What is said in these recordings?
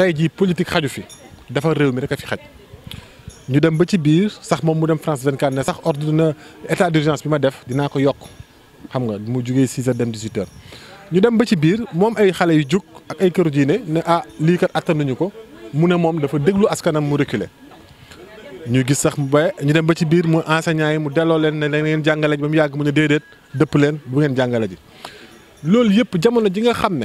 tay ji politique xaju fi dafa rew mi rek fi xaj ñu dem ba ci biir sax mom mu dem France 24 ne sax ordre na état d'urgence bima def dina ko yok xam nga mu joggé 6 h dem 18 h ñu dem ba ci biir mom ay xalé yu juk ak ay kër diine ne ah li kat attanuñu ko mu ne mom dafa déglu askanam mu reculer ñu gis sax ba ñu dem ba ci biir mu enseignant yi mu delloo len ne da ngeen jàngale ji mu yàgg mu ne déedéet depp len bu ngeen jàngale ji lool yépp jamono ji nga xam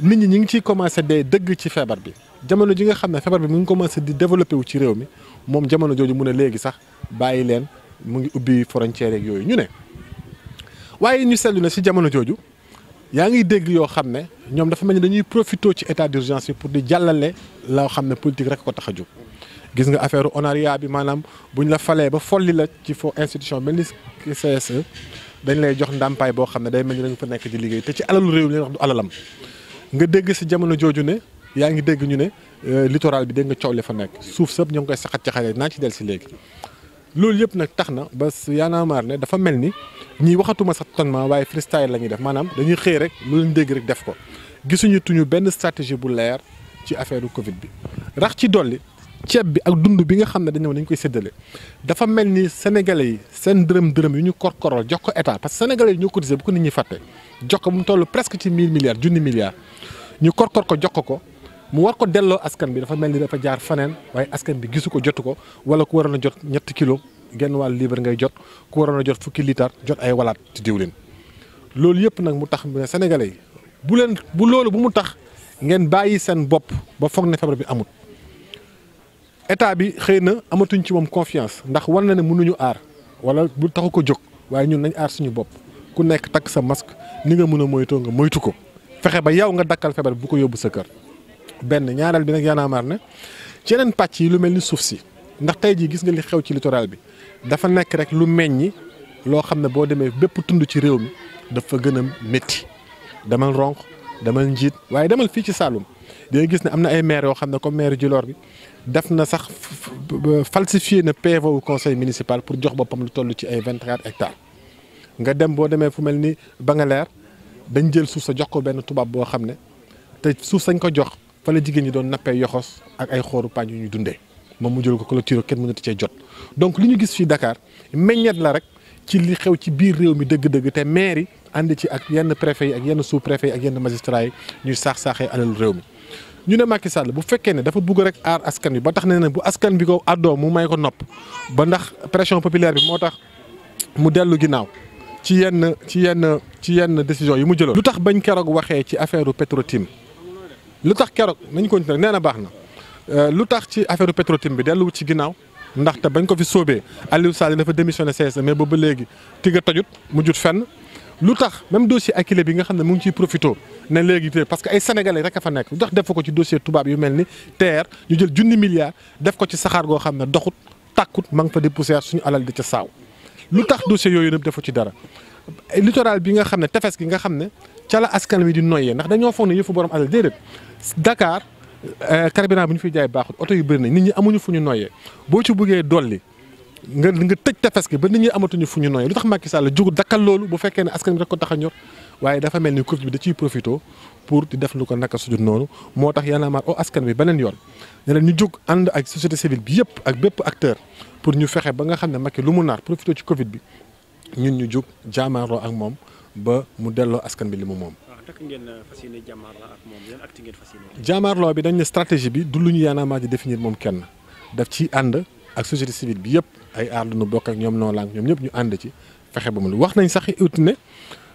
nit ñi ñi ngi ciy commencé dee dëgg ci feebar bi jamono ji nga xam ne feebar bi mu ngi commencé di développé wu ci réew mi moom jamono jooju mu ne léegi sax bàyyi leen mu ngi ubbi frontière yeeg yooyu ñu ne waaye ñu seetlu ne si jamono jooju yaa ngi dégg yoo xam ne ñoom dafa mel ni dañuy profité ci état d'urgence bi pour di jàllale loo xam ne politique rek ko tax a jóg gis nga affaire honoraria bi maanaam bu ñu la falee ba folli la ci foo institution mel ni CSE dañ lay jox boo xam ne day mel ni fa nekk di liggéey te ci alalu réew mi leen nga dégg si jamono jooju ne yaa ngi dégg ñu ne euh, littoral bi dégg nga coow li fa nekk suuf sëpp ñoo ngi koy ci caxaree naa ci dell si léegi loolu yëpp nag tax na ba Y'en a ne dafa mel ni ñiy waxatuma sax tonnement waaye freestyle la ñuy def maanaam dañuy xëy rek lu leen dégg rek def ko gisuñu tuñu benn stratégie bu leer ci affaire Covid bi rax ci dolli ceeb bi ak dund bi nga xam ne dañoo dañ koy dafa mel ni sénégalais yi sendrim dërëm dërëm yu ñu joko jox ko état parce que sénégalais yi ñoo cotisé bu ko nit ñi fàtte jox ko mu toll presque ci mille milliards milliards ñu ko jox ko ko mu war ko askan bi dafa mel ni dafa jaar fanen waaye askan bi gisuko ko jotu ko wala ku jot ñetti kilo genn wàll libre ngay jot ku waroon a jot fukki litre jot ay walat ci diwlin loolu yëpp nag mu tax ne sénégalais yi bu bu loolu bu mu tax ngeen bàyyi seen bopp ba bi amut état bi xëy na amatuñ ci moom confiance ndax war na ne mënuñu aar wala bu taxu ko jóg waaye ñun nañ aar suñu bopp ku nekk takk sa masque ni nga mën a moytoo nga moytu ko fexe ba yow nga dakkal feebar bu ko yóbbu sa kër. benn ñaaral bi nag Y'en a marre ne ci yeneen pàcc yi lu mel ni suuf si ndax tey jii gis nga li xew ci littoral bi dafa nekk rek lu meññi loo xam ne boo demee bépp tund ci réew mi dafa gën a métti demal ronq demal njiit waaye demal fii ci Saloum. day gis ne am na ay maire yoo xam ne comme maire Djilor bi def na sax falsifié na PV wu conseil municipal pour jox boppam lu toll ci ay vingt hectares nga dem boo demee fu mel ni Bangaleer dañ jël suuf sa jox ko benn tubaab boo xam ne te suuf sañ ko jox fa la jigéen ñi doon nappee yoxos ak ay xooru paañ ñu dundee moom mu jël ko clôture kenn mënatu cee jot donc li ñu gis fii Dakar meññeet la rek ci li xew ci biir réew mi dëgg-dëgg te maire yi ànd ci ak yenn préfet yi ak yenn sous préfet yi ak yenn magistrat yi ñuy saax-saaxee alal réew mi ñu ne Macky Sall bu fekkee ne dafa bugg rek aar askan bi ba tax ne bu askan bi ko àddoo mu may ko nopp ba ndax pression populaire bi moo tax mu dellu ginnaaw ci yenn ci yenn ci yenn décision yi mu jëloon. lu tax bañ keroog waxee ci affaire Petro-Tim lu tax keroog nañ ko nee na baax na euh, lu tax ci affaire Petro-Tim bi dellu ci ginnaaw ndaxte bañ ko fi sóobee Aliou Sall dafa démissionné CSE mais ba ba léegi tigga tojut mu jut fenn. lu tax même dossier Akilee bi nga xam ne mu ngi ciy profito ne léegi tey parce que ay sénégalais rek a fa nekk lu tax def ko ci dossier tubaab yu mel ni TER ñu jël junni milliards def ko ci saxaar goo xam ne doxut tàkkut ma nga fa di poussière suñu alal di ca saaw lu tax dossier yooyu nag defu ci dara littoral bi nga xam ne tefes gi nga xam ne cala la askan di noyee ndax dañoo foog ne yëfu borom alal déedéet dakaar euh, carburant bu ñu fiy jaay baaxut oto yu bëri nañ nit ñi amuñu fu ñu noyyee boo ci buggee dolli nga nga tëj tefes gi ba nit ñi amatuñu fu ñu nooyee lu tax Macky Sall jugu dakkal loolu bu fekkee ne askan bi rek ko tax a waaye dafa mel ni Covid bi da ciy profité pour di def lu ko naka sujut noonu moo tax Y'en a marre askan bi beneen yoon ne leen ñu ànd ak société civile bi yëpp ak bépp acteur pour ñu fexe ba nga xam ne Macky lu mu naar profité ci Covid bi ñun ñu jug jaamaarloo ak moom ba mu delloo askan bi li mu moom. Ah, uh, jaamaarloo bi dañ ne stratégie bi du lu ñu Y'en a marre di définir moom kenn daf ci ànd. ak société civile bi ay bokk ak ñoom noo ñoom ñëpp ñu ànd ci fexe ba mu wax nañ sax ne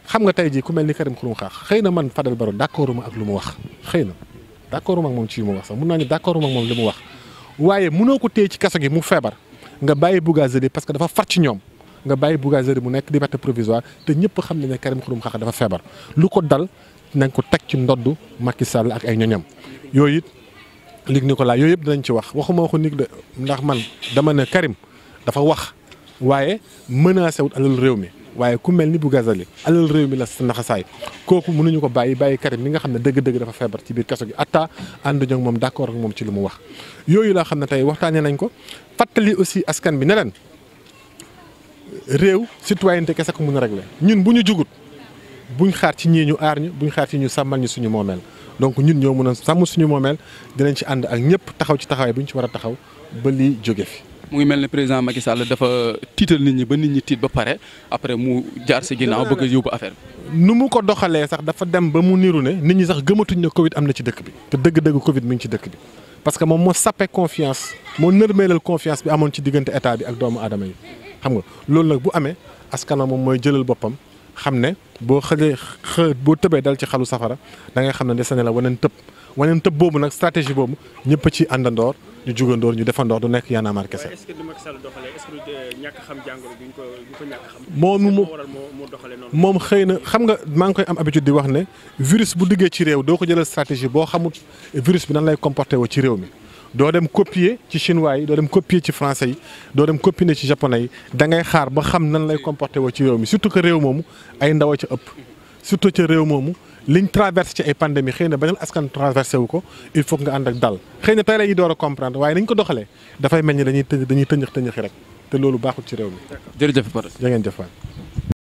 xam nga tey ku Karim man Fadel Baro. d'accord ak wax d'accord ak moom ci mu wax sax mun naa ak moom li wax waaye que ko téye ci kaso gi mu feebar nga parce que dafa ci nga provisoire te ñëpp xam Karim dafa dal nañ ko ci ak ay Luc Nicolas yooyu yëpp dinañ ci wax waxuma waxu Luc de ndax man dama ne Karim dafa wax waaye menacé wut alal réew mi waaye ku mel ni bu gazali alal réew mi la naxasaay kooku mënuñu ko bàyyi bàyyi Karim mi nga xam ne dëgg-dëgg dafa feebar ci biir kaso gi atta ànduñu ak moom d' accord ak moom ci lu mu wax yooyu laa xam ne tey nañ ko fàttali aussi askan bi ne leen réew citoyenneté kese ko mën régler ñun bu jugut buñ xaar ci ñii ñu aar ñu buñ xaar ci ñu sàmmal ñu suñu moomeel donc ñun ñoo mën a sàmm suñu moomeel dinañ ci ànd ak ñëpp taxaw ci taxawaay bu ñu ci war a taxaw ba lii jóge fi. mu ngi mel ni président Macky Sall dafa tiital nit ñi ba nit ñi tiit ba pare après mu jaar si ginnaaw bëgg a yóbbu affaire bi. nu mu ko doxalee sax dafa dem ba mu niru ne nit ñi sax gëmatuñ ne Covid am na ci dëkk bi te dëgg-dëgg Covid mi ngi ci dëkk bi. parce que moom moo sappe confiance moo nërmeelal confiance bi amoon ci diggante état bi ak doomu aadama yi xam nga loolu nag bu amee askan moom mooy jëlal boppam. xam ne boo xëlee xë boo tëbee dal ci xalu safara da ngay xam ne desane la waneen tëb waneen tëb boobu nag stratégie boobu ñëpp ci àndandoor ñu jugandoor ñu defandoor du nekk Y'en a kese. est-ce que euh, xam jàngoro bi ñu ko ñu ko moom xëy na xam nga maa ngi koy am habitude di wax ne virus bu diggee ci réew doo ko jëlal stratégie boo xamut virus bi nan lay comporté woo ci réew mi. doo dem copier ci chinois yi doo dem copier ci français yi doo dem copier ci japonais yi da ngay xaar ba xam nan lay comporté woo ci réew mi surtout que réew moomu ay ndaw a ca ëpp. surtout ca réew moomu liñ traversé ci ay pandémie xëy na beneen askan traversé wu ko il faut nga ànd ak dal xëy na tey la door a comprendre waaye nañ ko doxalee dafay mel ni dañuy të dañuy tëñëx tëñëxi rek te loolu baaxul ci réew mi. jërëjëf Badara ngeen jëf